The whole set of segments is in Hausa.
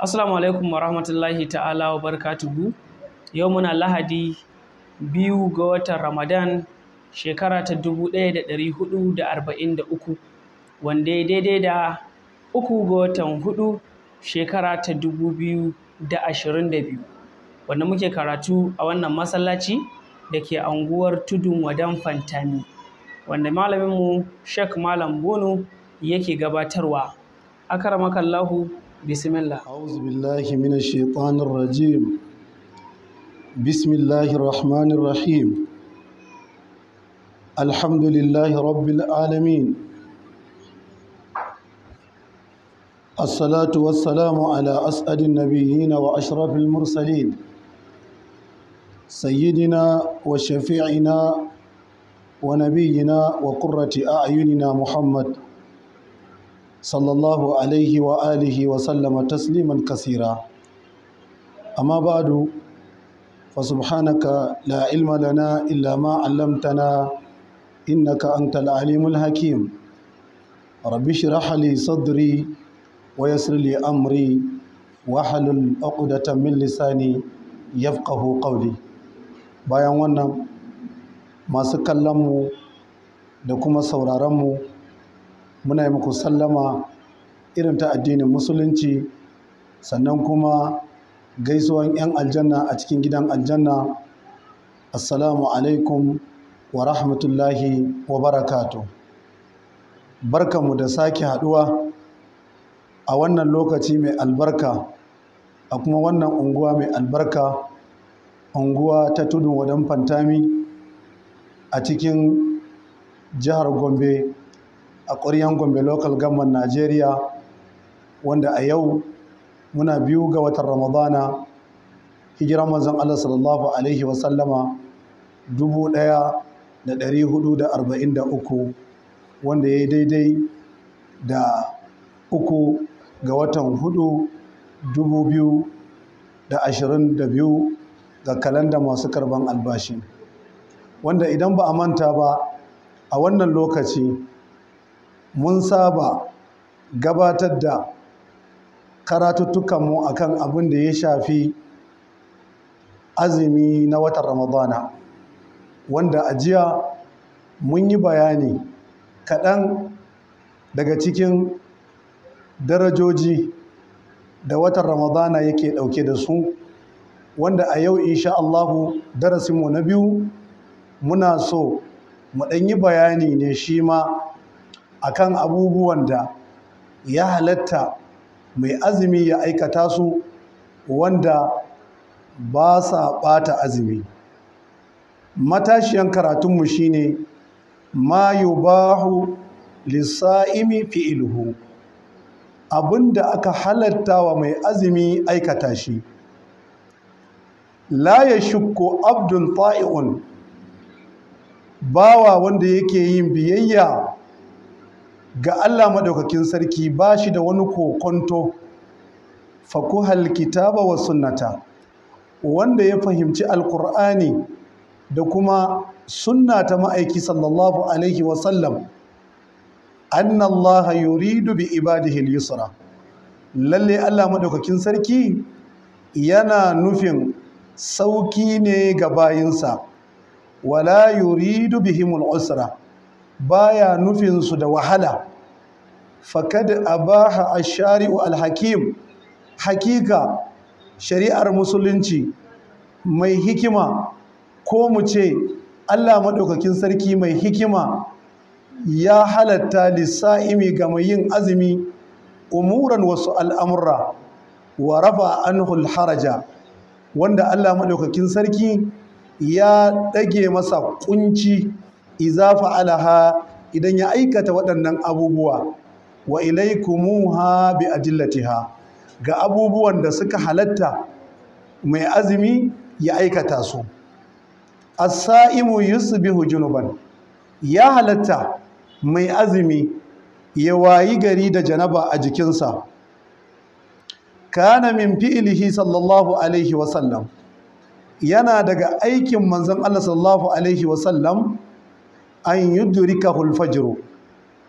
Assalamu alaikum wa rahmatullahi ta'ala wa barakatuhu. Yau muna Lahadi biyu ga watan Ramadan shekara ta dubu ɗaya da ɗari hudu da arba'in da uku, wanda ya daidai da uku ga watan hudu shekara ta dubu biyu da ashirin da biyu. Wanda muke karatu a wannan masallaci da ke anguwar tudun wadan fantami, wanda malaminmu Sheikh Malam Bono yake gabatarwa. Akaramakallahu بسم الله أعوذ بالله من الشيطان الرجيم بسم الله الرحمن الرحيم الحمد لله رب العالمين الصلاة والسلام على أسعد النبيين وأشرف المرسلين سيدنا وشفيعنا ونبينا وقرة أعيننا محمد صلى الله عليه وآله وسلم تسليما كثيرا أما بعد فسبحانك لا علم لنا إلا ما علمتنا إنك أنت العليم الحكيم رب اشرح لي صدري ويسر لي أمري واحلل عقدة من لساني يفقه قولي bayan wannan masu kallonmu da kuma sauraronmu muna yi muku sallama irin ta addinin musulunci sannan kuma gaisuwan 'yan aljanna a cikin gidan aljanna assalamu alaikum wa rahmatullahi wa barakatu barkanmu da sake haduwa a wannan lokaci mai albarka a kuma wannan unguwa mai albarka unguwa ta tudun wadan fantami a cikin jihar gombe a ƙwaryan gombe local government najeriya wanda a yau muna biyu ga watan ramadana hijiran manzon allah sallallahu alaihi wasallama dubu ɗaya da ɗari hudu da arba'in da uku wanda ya yi daidai da uku ga watan hudu dubu biyu da ashirin da biyu ga kalanda masu karban albashi wanda idan ba a manta ba a wannan lokaci mun saba gabatar da karatuttukanmu a kan abin da ya shafi azumi na watan ramadana wanda a jiya mun yi bayani kaɗan daga cikin darajoji da watan ramadana yake ɗauke da su wanda a yau insha Allahu darasinmu na biyu muna so mu ɗan yi bayani ne shi ma akan abubuwan da ya halatta mai azumi ya aikata su wanda ba sa bata azumi matashiyan karatunmu shine ma yubahu lissa'imi fi'iluhu abinda aka halatta wa mai azumi aikata shi la ya shukku abdun ta'i'un bawa wanda yake yin biyayya ga Allah maɗaukakin sarki ba shi da wani kokonto fakuhal kitaba wa sunnata wanda ya fahimci alkur'ani da kuma sunna ta ma'aiki sallallahu alaihi wasallam anna Allah yuridu bi ibadihi yusra lalle Allah maɗaukakin sarki yana nufin sauki ne ga bayinsa wala yuridu bihimul usra baya nufin su da wahala fakad abaha ash-shari'u al-hakim hakika shari'ar musulunci mai hikima ko mu ce Allah madaukakin sarki mai hikima ya halatta lissa'imi ga mai yin azumi umuran wasu al'amura, wa rafa anhul haraja wanda Allah madaukakin sarki ya ɗage masa kunci iza fa'alaha idan ya aikata waɗannan abubuwa wa ha bi ha, ga abubuwan da suka halatta mai azumi ya aikata su as-sa'imu yusbihu junuban ya halatta mai azumi ya wayi gari da janaba a jikinsa kana min fi'lihi sallallahu alaihi wasallam yana daga aikin manzon Allah sallallahu alaihi wasallam an yudrikahu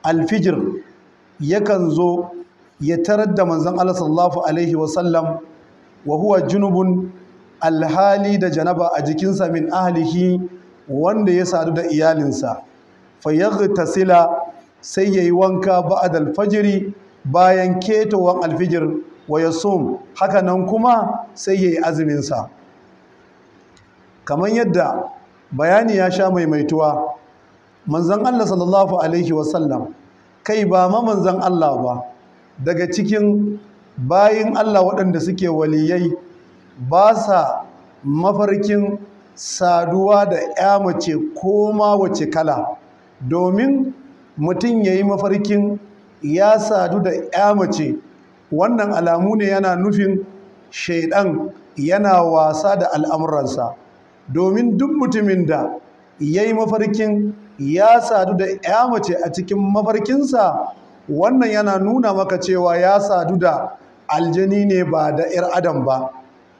al-fajr yakan zo ya tarar da manzon Allah sallallahu alaihi wa sallam wa huwa junubun alhali da janaba a jikinsa min ahlihi wanda ya sadu da iyalinsa fayaghtasila sai yayi wanka ba'da al bayan ketowan al alfijir wa yasum haka nan kuma sai yayi azumin sa kamar yadda bayani ya sha maimaituwa manzon Allah sallallahu alaihi wasallam kai ba ma manzan Allah ba daga cikin bayin Allah waɗanda suke waliyai ba sa mafarkin saduwa da ya mace ko ma wace kala domin mutum ya yi mafarkin ya sadu da ya mace wannan alamu ne yana nufin shaidan yana wasa da al'amuransa domin duk mutumin da ya yi mafarkin ya sadu da ya mace a cikin mafarkinsa wannan yana nuna maka cewa ya sadu da aljani ne ba da 'yar adam ba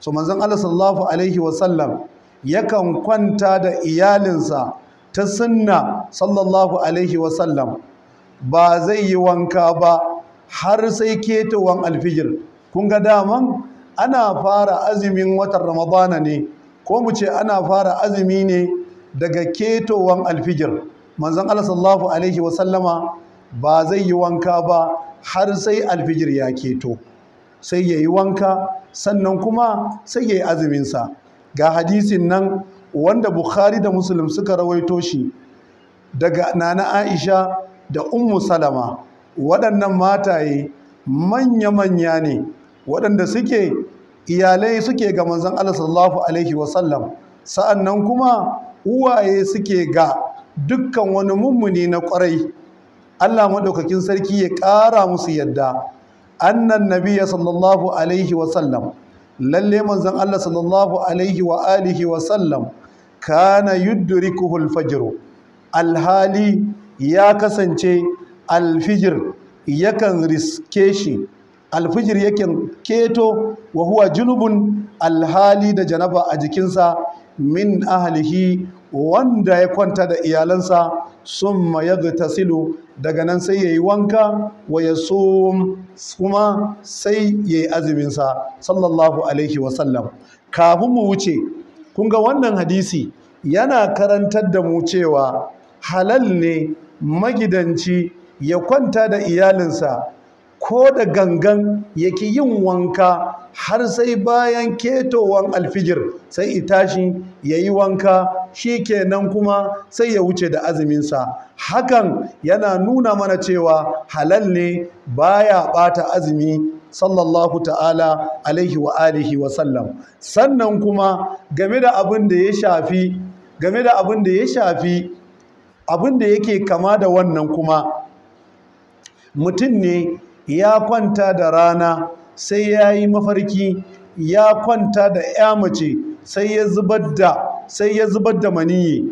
su manzan Allah sallallahu alaihi wasallam yakan kwanta da iyalinsa ta sunna sallallahu alaihi wasallam ba zai yi wanka ba har sai ketowar alfijir kun ga daman ana fara azumin watan ramadana ne ko mu ce ana fara azumi ne daga ketowan alfijir manzan Allah alaihi wasallama ba zai yi wanka ba har sai alfijir ya keto sai ya yi wanka sannan kuma sai ya yi azuminsa ga hadisin nan wanda bukhari da musulun suka rawaito shi daga nana aisha da ummu salama waɗannan mataye manya-manya ne waɗanda suke iyalai suke ga manzan Allah alaihi wasallam sa'annan kuma uwaye suke ga dukkan wani mummuni na kwarai Allah maɗaukakin sarki ya ƙara musu yadda annan nabiya sallallahu alaihi wasallam lalle manzon Allah sallallahu alaihi wa alihi wasallam kana yudrikuhu alfajr alhali ya kasance alfijir yakan riske shi alfijir yakan keto wa huwa junubun alhali da janaba a jikinsa min ahlihi wanda ya kwanta da iyalansa sun summa yaghtasilu daga nan sai yayi wanka wa ya kuma sai yayi azumin sa sallallahu alaihi wasallam kafin mu wuce kun ga wannan hadisi yana karantar da mu cewa halal ne magidanci ya kwanta da iyalinsa ko da gangan yake yin wanka har sai bayan ketowar alfijir sai itashi ya yi wanka shi kenan kuma sai ya wuce da azuminsa hakan yana nuna mana cewa halal ne baya bata azumi sallallahu ta'ala alaihi wa alihi wa sallam sannan kuma game da abin da ya shafi game da abin da ya shafi abin da yake kama da wannan kuma mutum ne ya kwanta da rana sai ya yi mafarki ya kwanta da ya mace sai ya zubar da sai ya zubar da maniyi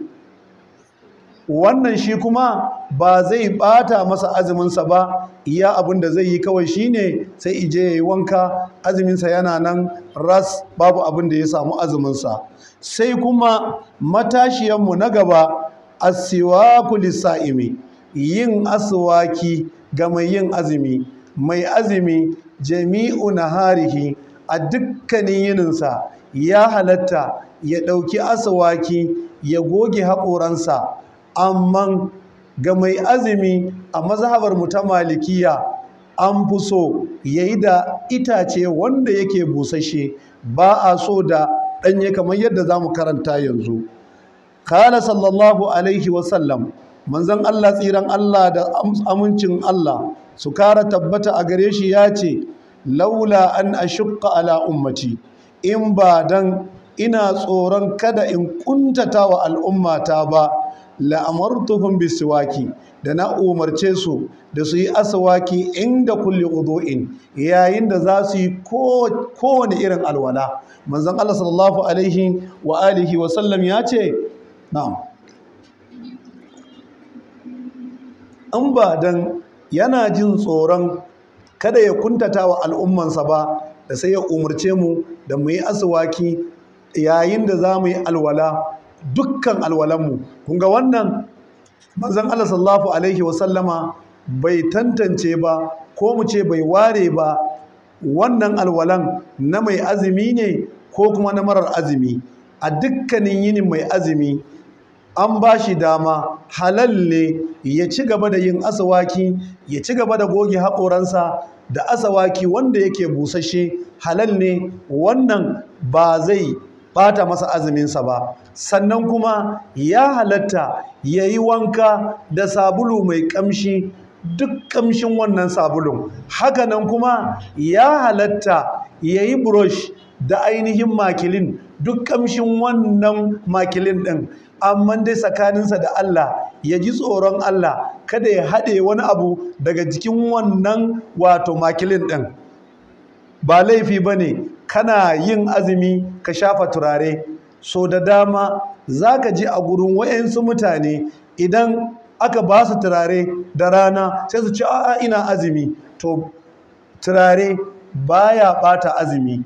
wannan shi kuma ba zai bata masa azuminsa ba iya abin da zai yi kawai shine sai ije ya yi wanka azuminsa yana nan ras babu abin da ya samu azuminsa sai kuma mu na gaba asiwaku lissa'imi yin aswaki ga mai yin azumi mai azumi jami'u na Harihi a dukkanin yininsa ya halatta ya ɗauki asawaki ya goge haƙoransa amma ga mai azumi a mazhabar mu ta malikiya an fi so ya yi da itace wanda yake busashe ba a so da ɗanye kamar yadda za mu karanta yanzu. Kala sallallahu Alaihi wasallam manzon Allah tsiran Allah da amincin Allah su kara tabbata a gare shi ya ce laula an ashqa ala ummati in ba dan ina tsoron kada in kuntata wa al'ummata ba la'amartuhum bisiwaki da na umarce su da su yi asawaki inda kulle udu'in yayin da za su yi kowane irin alwala manzon Allah sallallahu alaihi wa alihi wa sallam ya ce na'am in ba dan yana jin tsoron kada ya kuntata wa al'ummansa ba da sai ya umarce mu da mu yi asuwaki yayin da za mu yi alwala dukkan alwalanmu kun ga wannan manzon Allah sallallahu alaihi wa sallama bai tantance ba ko mu ce bai ware ba wannan alwalan na mai azumi ne ko kuma na marar azumi a dukkanin yinin mai azumi an ba shi dama halal ne ya ci gaba da yin asawaki ya ci gaba da goge haƙoransa da asawaki wanda yake busasshe halal ne wannan ba zai bata masa azuminsa ba sannan kuma ya halatta ya yi wanka da sabulu mai ƙamshi duk ƙamshin wannan sabulun hakanan kuma ya halatta ya yi burosh da ainihin makilin duk ƙamshin wannan makilin ɗin amma dai tsakaninsa da Allah ya ji tsoron Allah kada ya haɗe wani abu daga jikin wannan wato makilin ɗin ba laifi ba ne kana yin azumi ka shafa turare so da dama za ka ji a gurin wa'yansu mutane idan aka ba su turare da rana sai su ci a'a ina azumi to turare baya ɓata azumi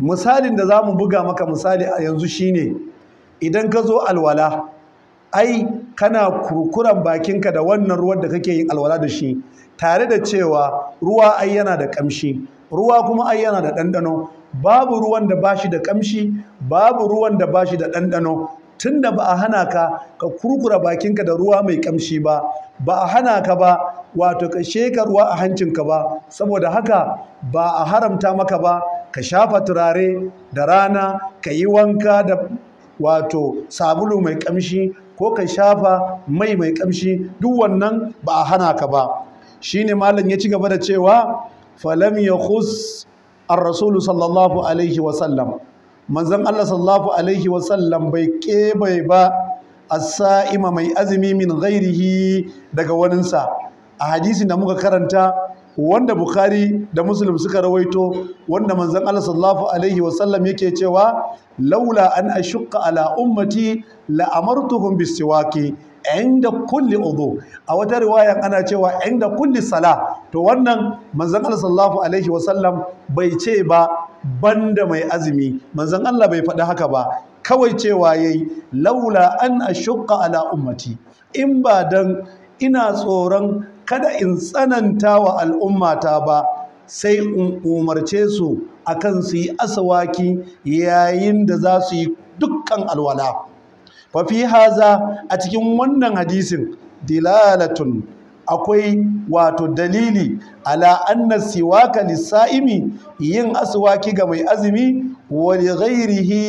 misalin da za mu buga maka misali a yanzu shine ne idan ka zo alwala ai kana kurkuran bakinka da wannan ruwan da kake yin alwala da shi tare da cewa ruwa ai yana da kamshi ruwa kuma ai yana da ɗanɗano babu ruwan da bashi da kamshi babu ruwan da bashi da ɗanɗano tunda ba a hana ka ka kurkura bakinka da ruwa mai kamshi ba ba a hana ka ba wato ka sheka ruwa a hancinka ba saboda haka ba a haramta maka ba ka shafa turare da rana ka yi wanka da wato sabulu mai kamshi ko ka shafa mai mai kamshi duk wannan ba a hana ka ba shine malam ya ci gaba da cewa falam khus ar-rasul sallallahu alaihi wa sallam manzon Allah sallallahu alaihi wa sallam bai kebai ba as-sa'ima mai azumi min ghairihi daga waninsa a hadisin da muka karanta wanda bukhari da muslim suka rawaito wanda manzan Allah sallallahu alaihi wasallam yake cewa laula an ashqa ala ummati la amartuhum bisiwaki inda kulli udu a wata riwaya ana cewa inda kulli sala to wannan manzan Allah sallallahu alaihi wasallam bai ce ba banda mai azumi Manzan Allah bai faɗi haka ba kawai cewa yayi laula an ashqa ala ummati in ba dan ina tsoron kada in tsananta wa al'ummata ba sai in umarce su akan su yi asawaki yayin da za su yi dukkan alwala Fafi haza a cikin wannan hadisin dilalatun akwai wato dalili ala anna siwaka lisa'imi yin aswaki ga mai azumi wa li ghairihi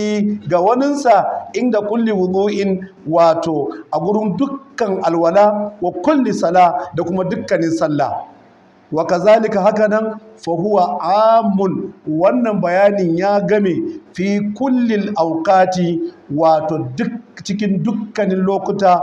ga waninsa inda kulli wudu'in wato a gurin dukkan alwala wa kulli sala da kuma dukkanin sallah wa kazalika nan, fa huwa amun wannan bayanin ya game fi kullil awqati wato duk cikin dukkanin lokuta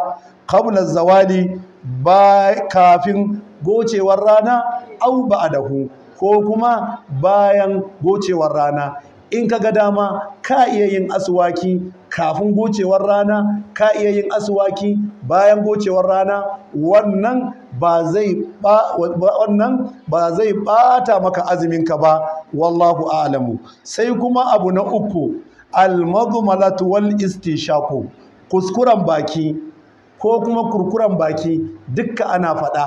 qabla zawali ba kafin gocewar rana au ba'dahu ko kuma bayan gocewar rana in ka ga dama ka iya yin aswaki kafin gocewar rana ka iya yin aswaki bayan gocewar rana wannan ba zai wannan ba zai bata maka ka ba wallahu a'lamu sai kuma abu na uku al-madmalatu wal istishaku kuskuren baki ko kuma kurkuren baki dukka ana faɗa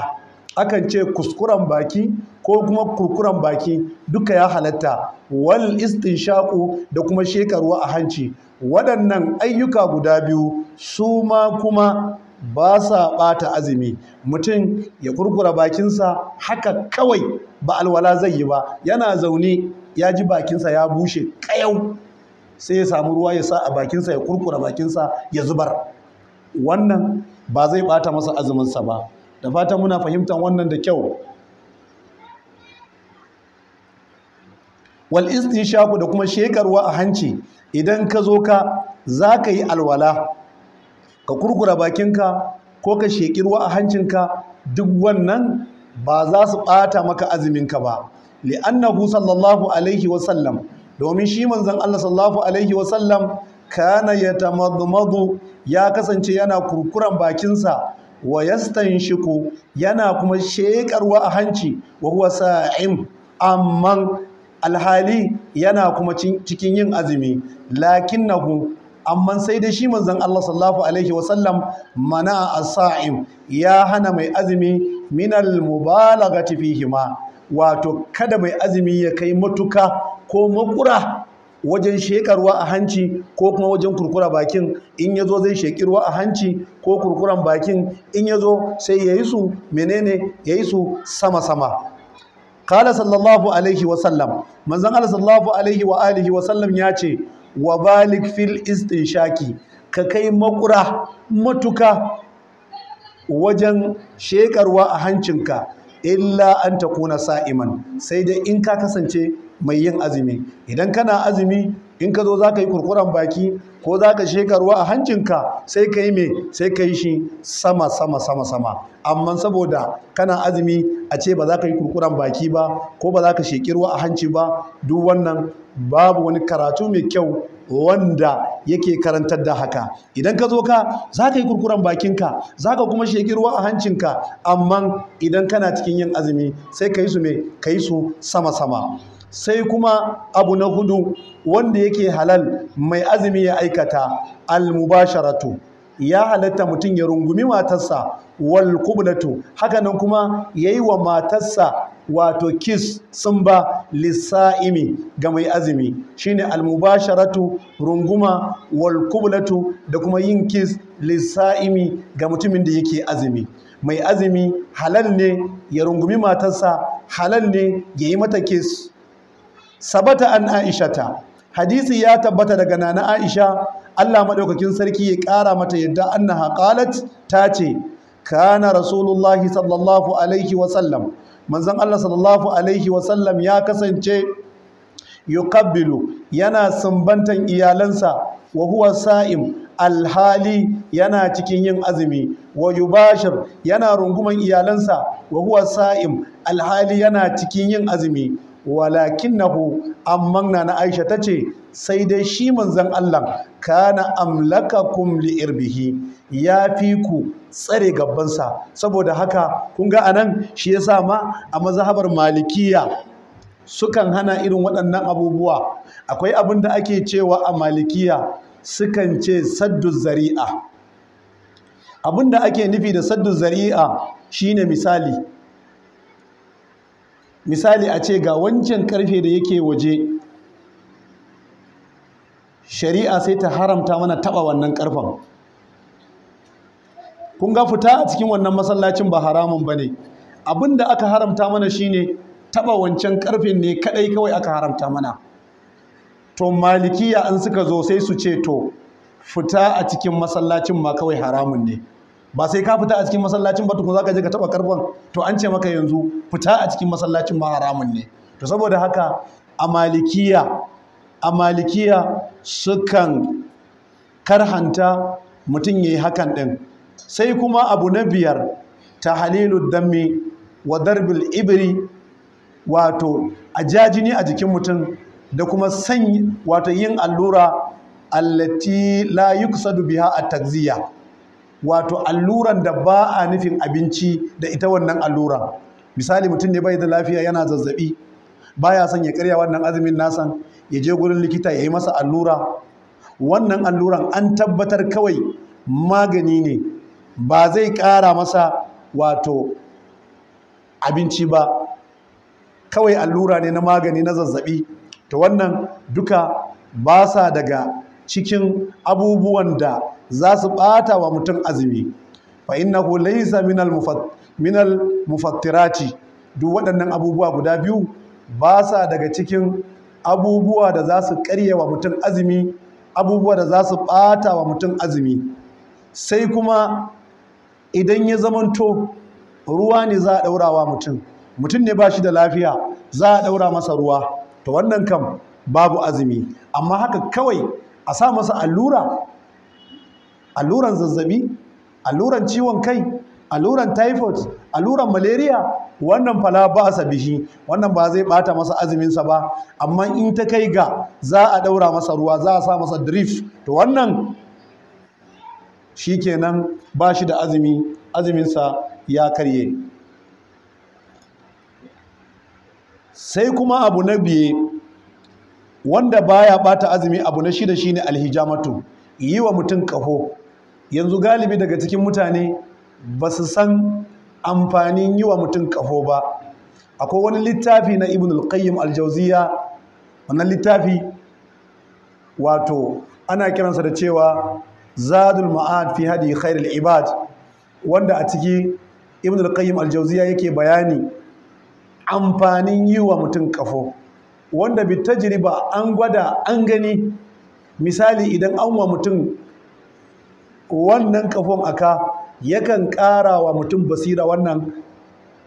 akan ce kuskuren baki ko kuma kurkuren baki duka ya halatta wal istinshaqu da kuma shekaruwa a hanci waɗannan ayyuka guda biyu su ma kuma ba sa ɓata azumi mutum ya kurkura bakinsa haka kawai ba alwala zai yi ba yana zaune ya ji bakinsa ya bushe ƙayau sai ya samu ruwa ya sa a bakinsa ya kurkura bakinsa ya zubar wannan ba zai bata masa azuminsa ba da fatan muna fahimtar wannan da kyau wal istishaku da kuma shekarwa a hanci idan ka zo ka za ka yi alwala ka kurkura bakinka ko ka sheƙi ruwa a hancinka duk wannan ba za su ɓata maka azuminka ba li'annahu sallallahu alaihi wasallam domin shi manzon Allah sallallahu alaihi wasallam kana yatamadmadu ya kasance yana kurkuran bakinsa wa yastanshiku yana kuma shekarwa a hanci wa huwa sa'im amman alhali yana kuma cikin yin azumi lakinnahu amma sai da shi manzon Allah sallallahu alaihi wasallam mana a saim ya hana mai azumi minal tafi fihima wato kada mai azumi ya kai matuka ko makura wajen sheƙa a hanci ko kuma wajen kurkura bakin in ya zo zai sheƙi a hanci ko kurkuran bakin in ya zo sai ya yi su menene ya yi su sama-sama kala sallallahu alaihi wasallam manzan ala sallallahu alaihi wa alihi wasallam ya ce wa balik fil shaki ka kai makura matuka wajen sheƙarwa a hancinka illa an ta kuna sa'iman sai dai in ka kasance mai yin azumi idan kana azumi in ka zo za ka yi kurkuren baki ko za ka shekarwa a hancinka sai ka yi me sai ka yi shi sama sama sama sama amma saboda kana azumi a ce ba za ka yi kurkuren baki ba ko ba za ka shekirwa a hanci ba duk wannan babu wani karatu mai kyau wanda yake karantar da haka idan ka zo ka za ka yi kurkuren bakinka za ka kuma shekiruwa a a hancinka amma idan kana cikin yin azumi sai ka yi su mai ka yi su sama-sama sai kuma abu na hudu wanda yake halal mai azumi ya aikata almubasharatu ya halatta mutum ya rungumi matarsa wal kublatu hakanan kuma ya yi wa matarsa wato kiss sun ba lissa'imi ga mai azumi shine almubasharatu runguma wal da kuma yin kiss lissa'imi ga mutumin da yake azumi mai azumi halal ne ya rungumi matarsa halal ne ya yi mata kiss sabata an aishata hadisi ya tabbata daga nana aisha Allah madaukakin sarki ya ƙara mata yadda annaha qalat ta ce kana rasulullahi sallallahu alaihi wa sallam manzon Allah sallallahu alaihi wa sallam ya kasance yuqabbilu yana sumbantan iyalansa wa huwa sa'im alhali yana cikin yin azumi wa yubashir yana runguman iyalansa wa huwa sa'im alhali yana cikin yin azumi Walakin amman na na Aisha ta ce, sai dai shi manzan Allah kana amlaka kumli irbihi ya fi ku tsare gabansa saboda haka kun ga anan shi ya sa ma a mazhabar malikiya sukan hana irin waɗannan abubuwa akwai abin da ake cewa a malikiya sukan ce saddu zari'a abin da ake nufi da saddu zari'a shine misali misali a ce ga wancan karfe da yake waje shari'a sai ta haramta mana taba wannan karfen kun ga fita a cikin wannan masallacin ba haramun ba bane abinda aka haramta mana shine taɓa wancan karfen ne kadai kawai aka haramta mana to malikiya an suka zo sai su ce to fita a cikin masallacin ma kawai haramun ne ba sai ka fita a cikin masallacin ba tukun zaka je ka taba karban to an ce maka yanzu fita a cikin masallacin ba haramun ne to saboda haka a malikiya a malikiya sukan karhanta mutum yayi hakan din sai kuma abu na biyar tahalilu dammi wa darbil ibri wato a jajini a jikin mutum da kuma sanyi wato yin allura allati la yuqsadu biha at-takziya wato alluran da ba a nufin abinci da ita wannan allura misali mutum ne bai da lafiya yana zazzabi baya son ya karya wannan azumin nasan ya je gurin likita ya yi masa allura wannan alluran an tabbatar kawai magani ne ba zai ƙara masa wato abinci ba kawai allura ne na magani na zazzabi ta wannan duka ba sa daga cikin abubuwan da za su ɓata wa mutum azumi fa innahu laysa minal mufattirati duk waɗannan abubuwa guda biyu ba sa daga cikin abubuwa da za su karye wa mutum azumi abubuwa da za su ɓata wa mutum azumi sai kuma idan ya zamanto ruwa ne za a ɗaura wa mutum mutum ne ba shi da lafiya za a ɗaura masa ruwa to wannan kam babu azumi amma haka kawai a sa masa allura alluran zazzabi alluran ciwon kai alluran typhoid alluran malaria wannan fala ba sa bishi wannan ba zai bata masa azuminsa ba amma in ta kai ga za a daura masa ruwa za a sa masa drip to wannan shikenan ba shi da azumi azuminsa ya karye sai kuma abu na biye wanda baya bata azumi abu na shida shine alhijamatu yi wa mutum kaho yanzu galibi daga cikin mutane ba su san amfanin yi wa mutum kafo ba akwai wani littafi na ibn al-qayyim wannan littafi wato ana kiransa da cewa zadul ma'ad fi hadi khairul ibad wanda a ciki ibn al-qayyim al-jauziya yake bayani amfanin yi wa mutum kafo, wanda bi tajriba an gwada an gani misali idan an wa mutum wannan kafon aka yakan ƙara wa mutum basira wannan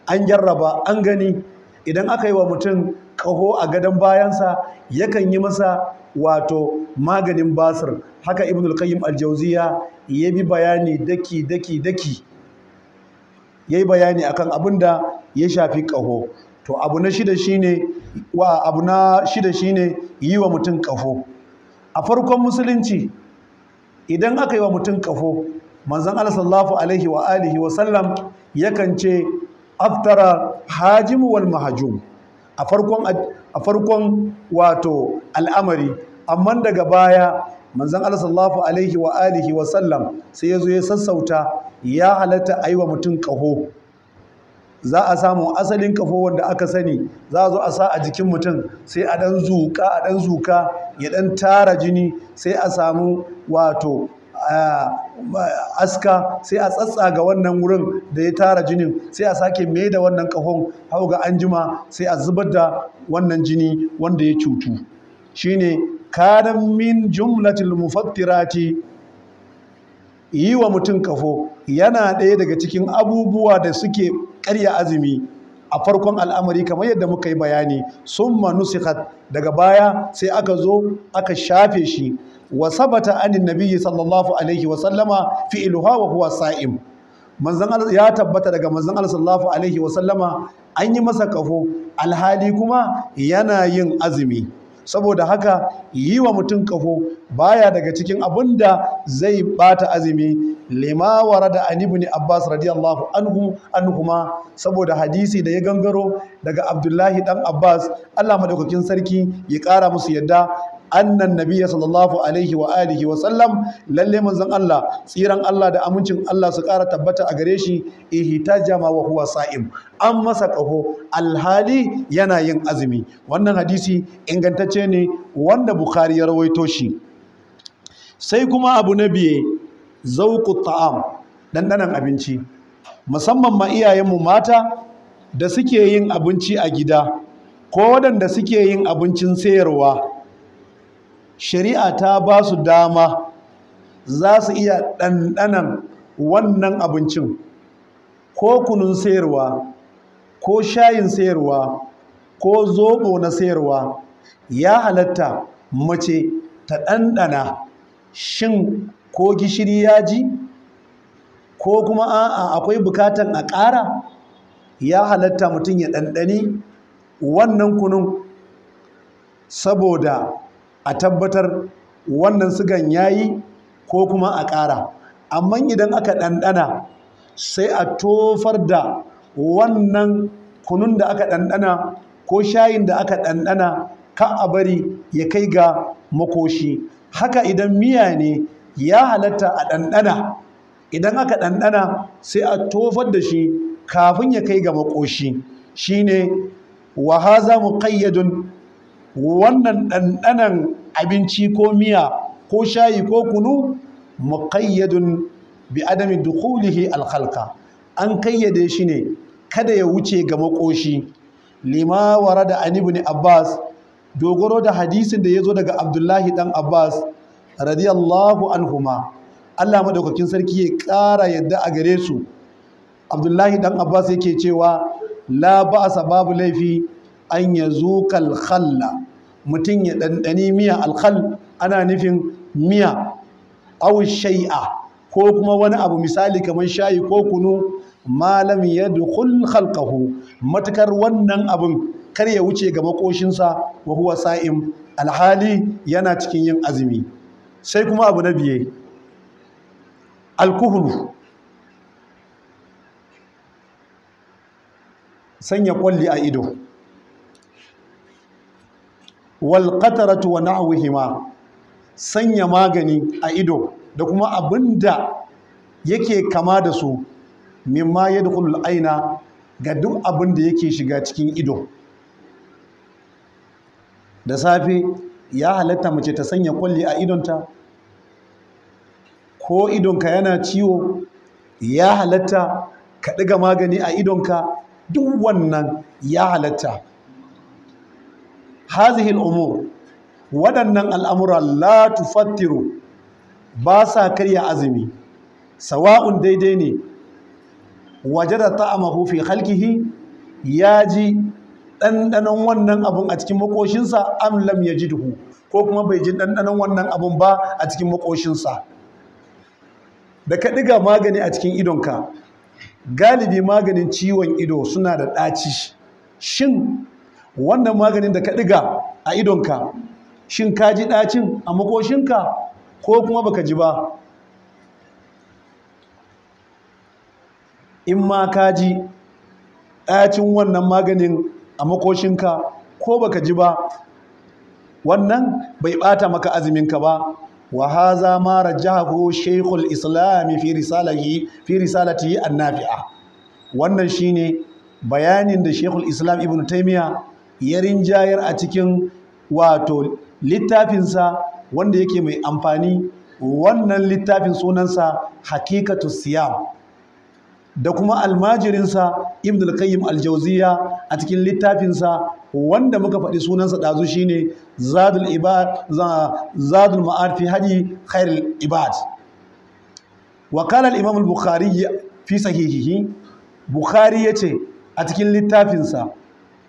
an jarraba an gani idan aka yi wa mutum ƙaho a gadon bayansa yakan yi masa wato maganin basir haka ibn al-qayyim al-jawziya ya bi bayani daki daki daki ya bayani akan abin da ya shafi ƙaho to abu na shida shine wa abu na shida shine yi wa mutum ƙaho a farkon musulunci idan aka yi wa mutum kafo manzon Allah sallallahu alaihi wa alihi wa sallam yakan ce aftara hajim wal mahjum a farkon a farkon wato al'amari amma daga baya manzon Allah sallallahu alaihi wa alihi wa sallam sai ya zo ya sassauta ya halatta aiwa mutum kaho za a samu asalin kafo wanda aka sani za a zo a sa a jikin mutum sai a dan zuka a dan zuka ya dan tara jini sai a samu wato aska sai a tsatsa ga wannan wurin da ya tara jinin sai a sake mai da wannan kafon hau ga anjima sai a zubar da wannan jini wanda ya cutu shine kanan min jumlatul mufattirati yi wa mutum kafo yana ɗaya daga cikin abubuwa da suke karya azumi a farkon al'amari kamar yadda muka yi bayani summa nusikhat daga baya sai aka zo aka shafe shi wa sabata anin nabiyyi sallallahu alaihi wa sallama fi wa huwa sa'im manzon ya tabbata daga manzon Allah sallallahu alaihi wa sallama an yi masa kafo alhali kuma yana yin azumi saboda haka yi wa mutum kafo baya daga cikin abin da zai bata azumi lima da an ne abbas radiyallahu anhu anhuma saboda hadisi da ya gangaro daga abdullahi dan abbas Allah madaukakin sarki ya kara musu yadda annan nabiyya sallallahu alaihi wa alihi wa sallam lalle manzon Allah tsiran Allah da amincin Allah su ƙara tabbata a gare shi ihtajama wa huwa sa'im an masa ƙaho alhali yana yin azumi wannan hadisi ingantacce ne wanda Bukhari ya rawaito shi sai kuma abu na biye zauqu ta'am dandanan abinci musamman ma iyayenmu mata da suke yin abinci a gida ko waɗanda suke yin abincin sayarwa shari'a ta ba su dama za su iya ɗanɗanan wannan abincin ko kunun sayarwa ko shayin sayarwa ko zobo na sayarwa ya halatta mace ta ɗanɗana shin ko gishiri ya ji ko kuma a'a akwai bukatan a ƙara ya halatta mutum ya ɗanɗani wannan kunun saboda a tabbatar wannan ya yayi ko kuma a ƙara amma idan aka ɗanɗana sai a tofar da wannan kunun da aka ɗanɗana ko shayin da aka ɗanɗana ka a bari ya kai ga makoshi haka idan miya ne ya halatta a ɗanɗana idan aka ɗanɗana sai a tofar da shi kafin ya kai ga makoshi shine wa haza muqayyadun wannan ɗanɗanan abinci ko miya ko shayi ko kunu muƙayyadun bi adami dukulihi alkhalqa an kayyade shi ne kada ya wuce ga makoshi lima da Anibu ne abbas dogoro da hadisin da ya zo daga abdullahi dan abbas radiyallahu anhuma allah maɗaukakin sarki ya ƙara yadda a gare su abdullahi ɗan abbas yake cewa la ba'asa babu laifi an ya zuka alkhalla mutum ya ɗanɗani miya alkhal ana nufin miya au shai'a ko kuma wani abu misali kamar shayi ko kunu malam ya dukul khalqahu matukar wannan abin kar ya wuce ga makoshinsa wa huwa sa'im alhali yana cikin yin azumi sai kuma abu na biye alkuhulu sanya kwalli a ido wal qataratu wa na'wihima sanya magani a ido da kuma abinda yake kama da su mimma yadkhulul aina ga duk abin da yake shiga cikin ido da safe ya halatta mace ta sanya kwalli a idonta ko idonka yana ciwo ya halatta ka ɗiga magani a idonka duk wannan ya halatta هذه الأمور waɗannan al'amura la tufattiru ba sa karya azumi sawa'un daidai ne waje da ta'amahu fi halkihi ya ji ɗanɗanon wannan abun a cikin makoshinsa am lam ya ji duhu ko kuma bai ji ɗanɗanon wannan abun ba a cikin makoshinsa da ka ɗiga magani a cikin idonka galibi maganin ciwon ido suna da ɗaci shin wannan maganin da ka ɗiga a idonka shin ka ji ɗacin a makoshinka ko kuma baka ji ba in ma ka ji ɗacin wannan maganin a makoshinka ko baka ji ba wannan bai ɓata maka azuminka ba wa Mara ma rajahu shaykhul islam fi fi risalatihi wannan shine bayanin da shekul islam ibn taimiyya. ya rinjayar a cikin wato littafinsa wanda yake mai amfani wannan littafin sunansa hakikatu siyam da kuma almajirinsa ibn al-qayyim al-jawziya a cikin littafinsa wanda muka faɗi sunansa ɗazu shine zadul ibad zadul ma'ad fi hadi khairul ibad wa qala al-imam al-bukhari fi sahihihi bukhari yace a cikin littafinsa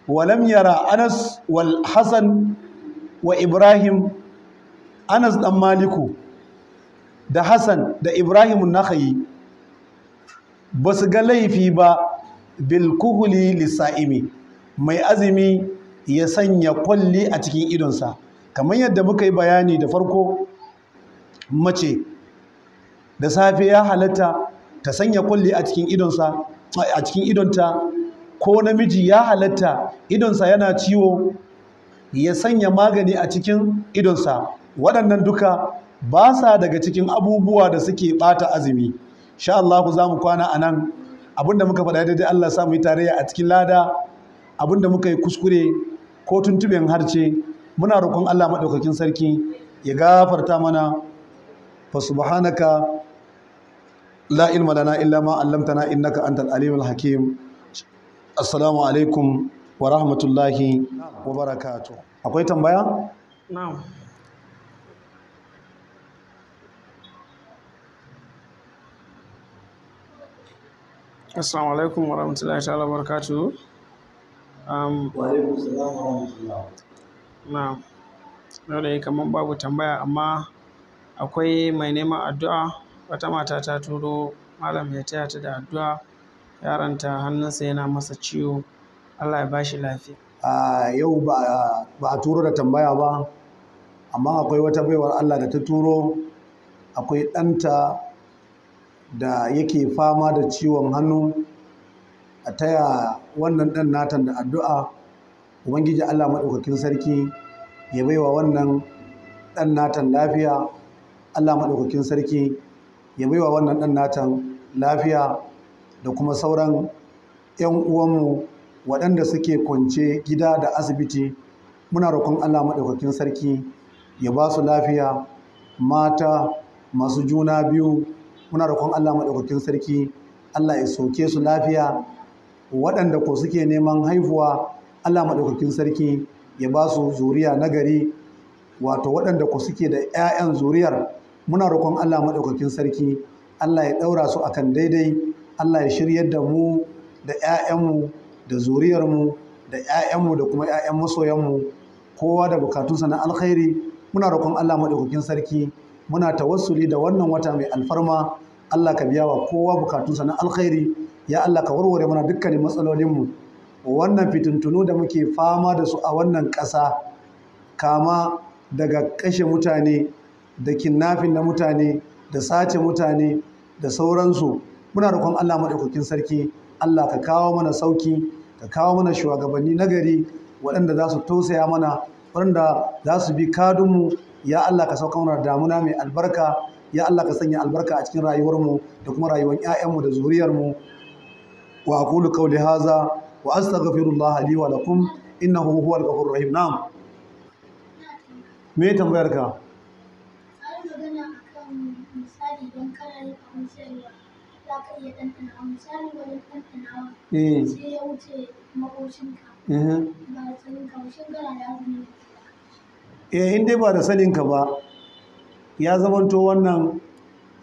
walam yara anas wal hasan wa ibrahim anas dan maliku da hasan da ibrahim nakhayi ba su ga laifi ba bil kuhuli lissaimi. mai azumi ya sanya kwalli a cikin idonsa kamar yadda muka yi bayani da farko mace da safe ya halatta ta sanya kwalli a cikin idonta ko namiji ya halatta idonsa yana ciwo ya sanya magani a cikin idonsa waɗannan duka ba sa daga cikin abubuwa da suke ɓata azumi sha Allah za mu kwana a nan abinda muka faɗa daidai Allah sa mu yi tarayya a cikin lada abinda muka yi kuskure ko tuntuɓen harce muna roƙon Allah maɗaukakin sarki ya gafarta mana fa subhanaka la ilma lana illa ma 'allamtana innaka antal alimul hakim assalamu alaikum wa rahmatullahi wa barakatu akwai tambaya? na'am assalamu alaikum wa rahmatullahi wa barakatu um, wa alaikum wa rahmatullahi na'am na da kamar babu tambaya amma akwai mai neman addu'a wata mata ta turo malam ya taya ta da addu'a yaranta hannunsa yana masa ciwo Allah ya bashi lafiya a yau ba a turo da tambaya ba amma akwai wata baiwar Allah da ta turo akwai ɗanta da yake fama da ciwon hannu a taya wannan ɗan natan da addu'a ubangiji Allah maɗaukakin sarki ya baiwa wannan ɗan natan lafiya Allah maɗaukakin sarki ya baiwa wannan ɗan natan lafiya da kuma sauran 'yan uwanmu waɗanda suke kwance gida da asibiti muna roƙon Allah maɗaukakin sarki ya ba su lafiya mata masu juna biyu muna roƙon Allah maɗaukakin sarki Allah ya soke su lafiya waɗanda ko suke neman haihuwa Allah maɗaukakin sarki ya ba su zuriya nagari wato waɗanda ko suke da 'ya'yan zuriyar muna roƙon Allah maɗaukakin sarki Allah ya ɗaura su akan daidai Allah ya shiryar da mu da 'ya'yanmu da zuriyarmu da 'ya'yanmu da kuma 'ya'yan masoyanmu kowa da bukatunsa na alkhairi muna roƙon Allah maɗaukakin sarki muna tawassuli da wannan wata mai alfarma Allah ka biya wa kowa bukatunsa na alkhairi ya Allah ka warware mana dukkanin matsalolinmu wannan fitintunu da muke fama da su a wannan ƙasa kama daga kashe mutane da kinnafin na mutane da sace mutane da sauransu muna roƙon Allah madaukakin sarki Allah ka kawo mana sauki ka kawo mana shugabanni nagari waɗanda za su tausaya mana waɗanda za su bi kadunmu ya Allah ka sauka mana damuna mai albarka ya Allah ka sanya albarka a cikin rayuwarmu da kuma rayuwar 'ya'yanmu da zuriyarmu wa aqulu qawli hadha wa astaghfirullah li wa lakum innahu huwal ghafurur rahim na'am me tambayar ka misali don kana Eh. ya eh in dai ba da saninka eh, ba ya zamanto wannan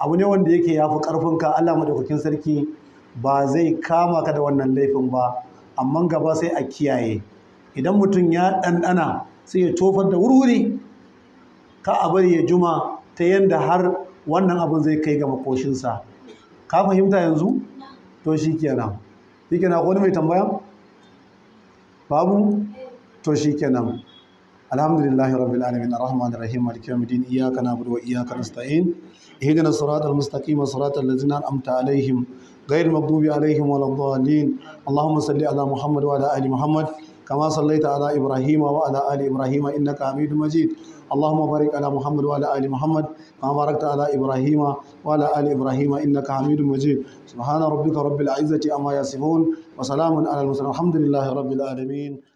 abu ne wanda yake ya fi ƙarfinka Allah maɗaukakin sarki ba zai kama ka da wannan laifin ba amma gaba sai a kiyaye idan mutum ya ɗanɗana sai ya tofar da wurwuri ka a bari ya juma ta yadda har wannan abin zai kai ga makoshinsa ka fahimta yanzu to shi kenan shi kenan wani mai tambaya babu to shi kenan alhamdulillahi rabbil alamin arrahmanir rahim maliki yawmiddin iyyaka na'budu wa iyyaka nasta'in ihdina siratal mustaqim siratal ladzina an'amta alaihim غير المغضوب عليهم ولا الضالين اللهم صل على محمد وعلى ال محمد كما صليت على ابراهيم وعلى ال ابراهيم انك حميد مجيد اللهم بارك على محمد وعلى آل محمد كما باركت على إبراهيم وعلى آل إبراهيم إنك حميد مجيد سبحان ربك رب العزة أما يصفون وسلام على المرسلين الحمد لله رب العالمين